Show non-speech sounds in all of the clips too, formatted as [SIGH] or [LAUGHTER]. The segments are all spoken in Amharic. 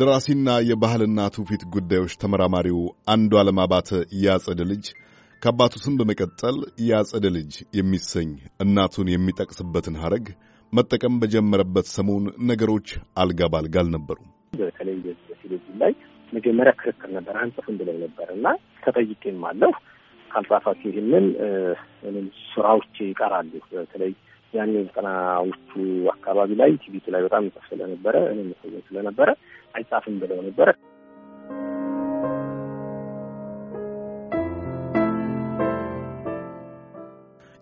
ደራሲና የባህልና ትውፊት ጉዳዮች ተመራማሪው አንዷለም አባተ ያጸደ ልጅ ከአባቱ ስም በመቀጠል ያጸደ ልጅ የሚሰኝ እናቱን የሚጠቅስበትን ሐረግ መጠቀም በጀመረበት ሰሞን ነገሮች አልጋ ባልጋ አልነበሩም። በተለይ በፊሎጂ ላይ መጀመሪያ ክርክር ነበር። አንጽፍም ብለው ነበር እና ተጠይቄም አለሁ ካልጻፋችሁ ይህንን ስራዎች ይቀራሉ በተለይ ያኔ ዘጠናዎቹ አካባቢ ላይ ቲቪቱ ላይ በጣም ይጻፍ ስለነበረ እኔ መሰለኝ ስለነበረ አይጻፍም ብለው ነበረ።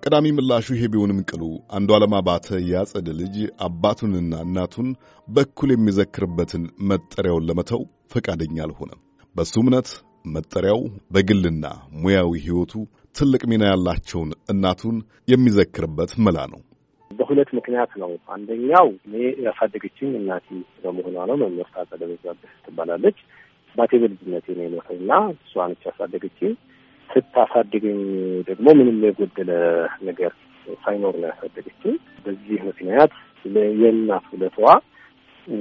ቀዳሚ ምላሹ ይሄ ቢሆንም ቅሉ አንዱዓለም አባተ ያጸደ ልጅ አባቱንና እናቱን በኩል የሚዘክርበትን መጠሪያውን ለመተው ፈቃደኛ አልሆነም። በሱ እምነት መጠሪያው በግልና ሙያዊ ሕይወቱ ትልቅ ሚና ያላቸውን እናቱን የሚዘክርበት መላ ነው። በሁለት ምክንያት ነው። አንደኛው እኔ ያሳደገችኝ እናቴ በመሆኗ ነው። መምህርት አጸደ በዛብህ ትባላለች። ባቴ በልጅነቴ ነው የሞተው እና እሷ ነች ያሳደገችኝ። ስታሳድገኝ ደግሞ ምንም የጎደለ ነገር ሳይኖር ነው ያሳደገችኝ። በዚህ ምክንያት የእናት ውለቷ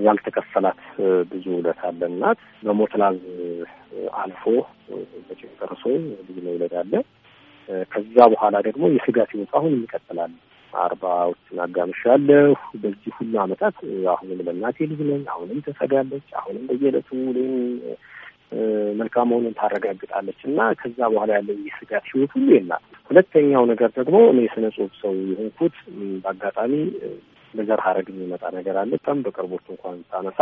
ያልተከፈላት ብዙ ውለት አለ። እናት በሞትላዝ ላል አልፎ በጭንቀርሶ ብዙ መውለድ አለ። ከዛ በኋላ ደግሞ የስጋት ሕይወት አሁን ይቀጥላል። አርባዎቹን አጋምሻለሁ። በዚህ ሁሉ አመታት አሁንም ለእናቴ ልጅ ነኝ። አሁንም ትሰጋለች። አሁንም በየዕለቱ ውሌን መልካም መሆኑን ታረጋግጣለች እና ከዛ በኋላ ያለው የስጋት ህይወት ሁሉ የላት። ሁለተኛው ነገር ደግሞ እኔ የስነ ጽሁፍ ሰው የሆንኩት በአጋጣሚ በዘር ሀረግ የሚመጣ ነገር አለ። በጣም በቅርቦች እንኳን ሳነሳ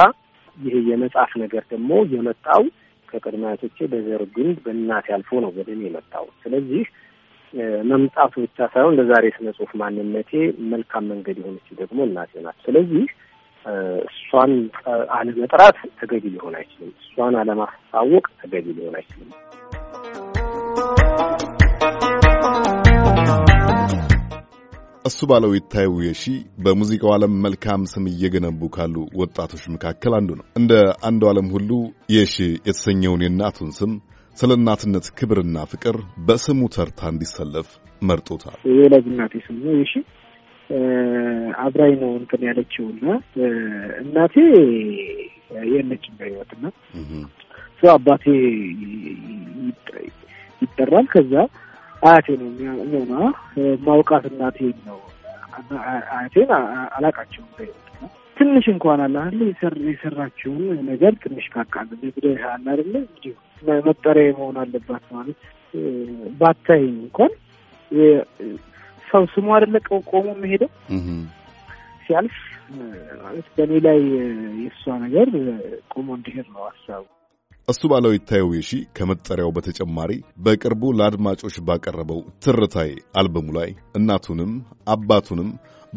ይሄ የመጽሐፍ ነገር ደግሞ የመጣው ከቅድመ አያቶቼ በዘር ግንድ በእናቴ አልፎ ነው ወደ እኔ የመጣው። ስለዚህ መምጣቱ ብቻ ሳይሆን ለዛሬ ስነ ጽሁፍ ማንነቴ መልካም መንገድ የሆነች ደግሞ እናቴ ናት። ስለዚህ እሷን አለመጥራት ተገቢ ሊሆን አይችልም። እሷን አለማሳወቅ ተገቢ ሊሆን አይችልም። እሱ ባለው ይታየው የሺ በሙዚቃው ዓለም መልካም ስም እየገነቡ ካሉ ወጣቶች መካከል አንዱ ነው። እንደ አንዱ ዓለም ሁሉ የሺ የተሰኘውን የእናቱን ስም ስለ እናትነት ክብርና ፍቅር በስሙ ተርታ እንዲሰለፍ መርጦታል። የወላጅናቴ ስሙ ይሺ አብራይ ነው እንትን ያለችው እና እናቴ የለችም በሕይወት እና ሰው አባቴ ይጠራል። ከዛ አያቴ ነው የሚሆና ማውቃት እናቴን ነው አያቴን አላቃቸውም በሕይወት ትንሽ እንኳን አለ የሰራችውን ነገር ትንሽ ካቃለ ብደ አለ እንዲሁ መጠሪያ መሆን አለባት። ማለት ባታይኝ እንኳን ሰው ስሙ አደለ ቆሞ የሚሄደው ሲያልፍ ማለት በእኔ ላይ የእሷ ነገር ቆሞ እንዲሄድ ነው ሀሳቡ። እሱ ባለው ይታየው የሺ ከመጠሪያው በተጨማሪ በቅርቡ ለአድማጮች ባቀረበው ትርታይ አልበሙ ላይ እናቱንም አባቱንም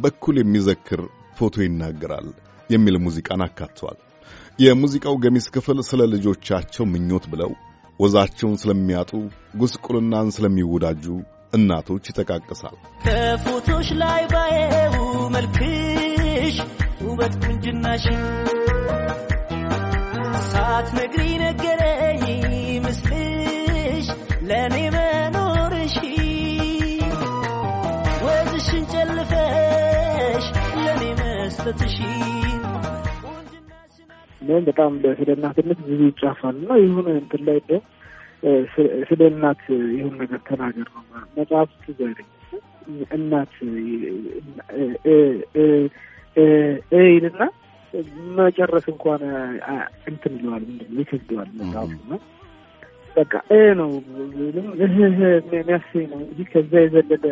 በኩል የሚዘክር ፎቶ ይናገራል የሚል ሙዚቃን አካቷል። የሙዚቃው ገሚስ ክፍል ስለ ልጆቻቸው ምኞት ብለው ወዛቸውን ስለሚያጡ ጉስቁልናን ስለሚወዳጁ እናቶች ይጠቃቅሳል። ከፎቶች ላይ ባየው መልክሽ ውበት ቁንጅናሽ ነግሪ ነገረኝ ምስልሽ ለእኔ መኖርሽ ወዝሽን ጨልፈሽ ለእኔ መስጠትሽ እንደውም በጣም ስለ እናትነት ብዙ ይጻፋል እና ይሁን እንትን ላይ እንደውም ስለ እናት ይሁን ነገር ተናገር ነው መጽሐፍ ትዝ እናት ይልና መጨረስ እንኳን እንትን ይለዋል ምንድነው ይከብደዋል መጽሐፉ ነው በቃ ነው የሚያሰኝ ነው እዚህ ከዛ የዘለለ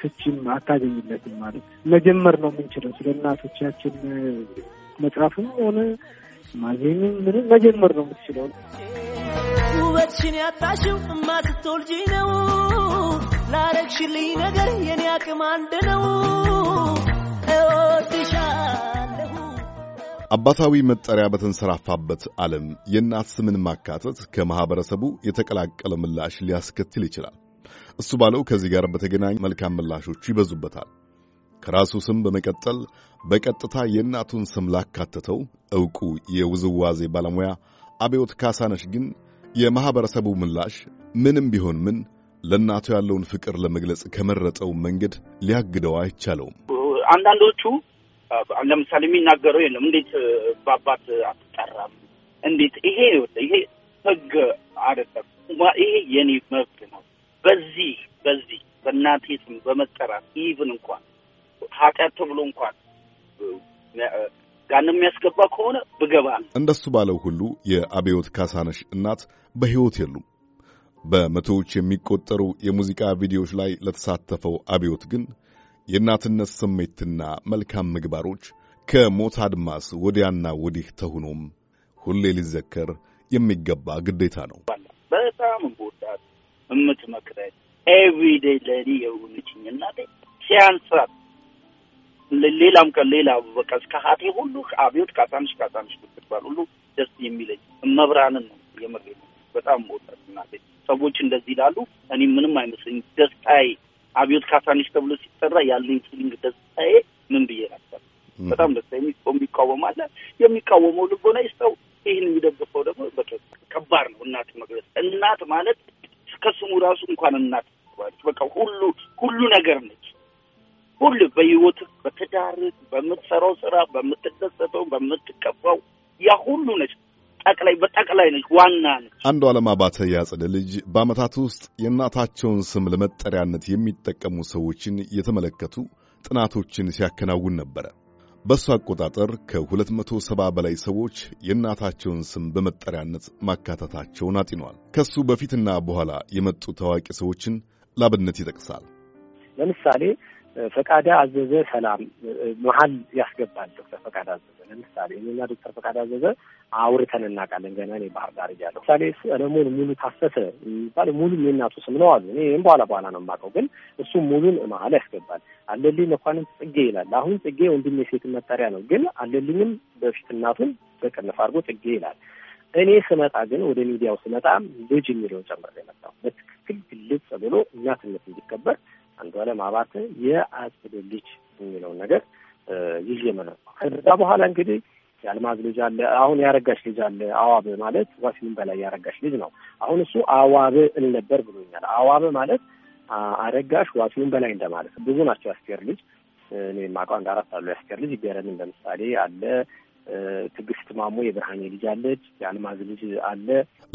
ፍቺም አታገኝለትም ማለት መጀመር ነው የምንችለው ስለ እናቶቻችን መጽሐፍም ሆነ ማዜምም ምንም መጀመር ነው የምትችለው። ውበትሽን ያጣሽው እማትቶልጂ ነው። ላረግሽልኝ ነገር የኔ አቅም አንድ ነው። አባታዊ መጠሪያ በተንሰራፋበት ዓለም የእናት ስምን ማካተት ከማኅበረሰቡ የተቀላቀለ ምላሽ ሊያስከትል ይችላል። እሱ ባለው ከዚህ ጋር በተገናኝ መልካም ምላሾቹ ይበዙበታል። ከራሱ ስም በመቀጠል በቀጥታ የእናቱን ስም ላካተተው ዕውቁ የውዝዋዜ ባለሙያ አብዮት ካሳነሽ ግን የማኅበረሰቡ ምላሽ ምንም ቢሆን ምን ለእናቱ ያለውን ፍቅር ለመግለጽ ከመረጠው መንገድ ሊያግደው አይቻለውም። አንዳንዶቹ ለምሳሌ የሚናገረው የለም እንዴት በአባት አትጠራም? እንዴት ይሄ ይሄ ህግ አይደለም። ይሄ የኔ መብት ነው። በዚህ በዚህ በእናቴ ስም በመጠራት ኢቭን እንኳን ኃጢአት ተብሎ እንኳን ጋንም የሚያስገባ ከሆነ ብገባ ነው። እንደሱ ባለው ሁሉ የአብዮት ካሳነሽ እናት በሕይወት የሉም። በመቶዎች የሚቆጠሩ የሙዚቃ ቪዲዮዎች ላይ ለተሳተፈው አብዮት ግን የእናትነት ስሜትና መልካም ምግባሮች ከሞት አድማስ ወዲያና ወዲህ ተሁኖም ሁሌ ሊዘከር የሚገባ ግዴታ ነው። በጣም እምወዳት እምትመክረኝ ኤቭሪዴይ ለእኔ የሆነችኝ እናቴ ሲያንስራት ሌላም ቀን ሌላ በቃ እስከ ሀጤ ሁሉ አብዮት ካሳንሽ ካሳንሽ ብትባል ሁሉ ደስ የሚለኝ መብራንን ነው። የምሬ ነው። በጣም መውጣት እናቴ ሰዎች እንደዚህ ይላሉ። እኔ ምንም አይመስለኝ ደስታዬ አብዮት ካሳንሽ ተብሎ ሲጠራ ያለኝ ፊሊንግ ደስታዬ ምን ብዬ ናቸል በጣም ደስታ የሚሰው የሚቃወም አለ። የሚቃወመው ልቦና ይስጠው። ይህን የሚደግፈው ደግሞ በቃ ከባድ ነው። እናት መግለጽ እናት ማለት ከስሙ ራሱ እንኳን እናት በቃ ሁሉ ሁሉ ነገር ነች። ሁል በህይወት በትዳር በምትሰራው ስራ በምትደሰተው በምትቀባው ያ ሁሉ ነች። ጠቅላይ በጠቅላይ ነች፣ ዋና ነች። አንዱ ዓለም አባተ ያጸደ ልጅ በዓመታት ውስጥ የእናታቸውን ስም ለመጠሪያነት የሚጠቀሙ ሰዎችን የተመለከቱ ጥናቶችን ሲያከናውን ነበረ። በእሱ አቆጣጠር ከ270 በላይ ሰዎች የእናታቸውን ስም በመጠሪያነት ማካተታቸውን አጢኗል። ከሱ በፊትና በኋላ የመጡ ታዋቂ ሰዎችን ላብነት ይጠቅሳል። ለምሳሌ ፈቃደ አዘዘ ሰላም መሀል ያስገባል ዶክተር ፈቃደ አዘዘ። ለምሳሌ እኔና ዶክተር ፈቃደ አዘዘ አውርተን እናውቃለን። ገና እኔ ባህር ዳር እያለሁ ለምሳሌ ሰለሞን ሙሉ ታፈሰ የሚባል ሙሉ የእናቱ ስም ነው አሉ። እኔ ይህም በኋላ በኋላ ነው የማውቀው፣ ግን እሱ ሙሉን መሀል ያስገባል። አለልኝ መኳንም ጽጌ ይላል። አሁን ጽጌ ወንድሜ የሴት መጠሪያ ነው፣ ግን አለልኝም በፊት እናቱን በቅንፍ አድርጎ ጽጌ ይላል። እኔ ስመጣ ግን ወደ ሚዲያው ስመጣ ልጅ የሚለውን ጨምር የመጣው በትክክል ግልጽ ብሎ እናትነት እንዲከበር አንዱዓለም አባተ የአጽድ ልጅ የሚለውን ነገር ይዤ መለስ ከዛ በኋላ እንግዲህ የአልማዝ ልጅ አለ። አሁን ያረጋሽ ልጅ አለ። አዋብ ማለት ዋሲም በላይ ያረጋሽ ልጅ ነው። አሁን እሱ አዋብ እንነበር ብሎኛል። አዋብ ማለት አረጋሽ ዋሲም በላይ እንደማለት ብዙ ናቸው። የአስቴር ልጅ እኔ ማቋ እንዳራት አሉ። የአስቴር ልጅ ይገረምን ለምሳሌ አለ። ትግስት ማሞ የብርሃኔ ልጅ አለች፣ የአልማዝ ልጅ አለ።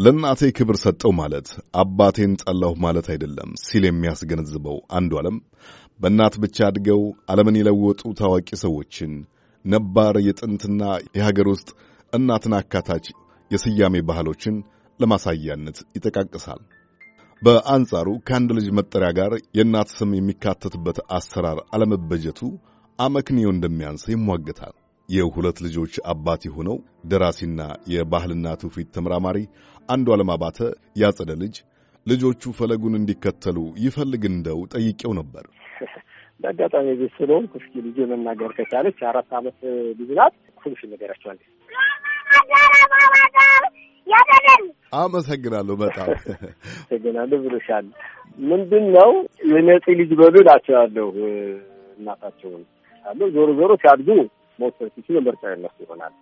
ለእናቴ ክብር ሰጠው ማለት አባቴን ጠላሁ ማለት አይደለም ሲል የሚያስገነዝበው አንዱ ዓለም በእናት ብቻ አድገው ዓለምን የለወጡ ታዋቂ ሰዎችን ነባር የጥንትና የሀገር ውስጥ እናትን አካታች የስያሜ ባህሎችን ለማሳያነት ይጠቃቅሳል። በአንጻሩ ከአንድ ልጅ መጠሪያ ጋር የእናት ስም የሚካተትበት አሰራር አለመበጀቱ አመክንዮ እንደሚያንስ ይሟገታል። የሁለት ልጆች አባት የሆነው ደራሲና የባህልና ትውፊት ተመራማሪ አንዷለም አባተ ያጸደ ልጅ ልጆቹ ፈለጉን እንዲከተሉ ይፈልግ እንደው ጠይቄው ነበር። [LAUGHS] በአጋጣሚ ቤት ስለሆን እስኪ ልጅ መናገር ከቻለች አራት ዓመት ልጅ ናት። ትንሽ ነገራቸዋል። አመሰግናለሁ። በጣም አመሰግናለሁ ብሎሻል። ምንድን ነው የነጺ ልጅ በሉ ላቸዋለሁ። እናታቸውን አለ ዞሮ ዞሮ ሲያድጉ መወሰን ሲችሉ ምርጫ የነሱ ይሆናል።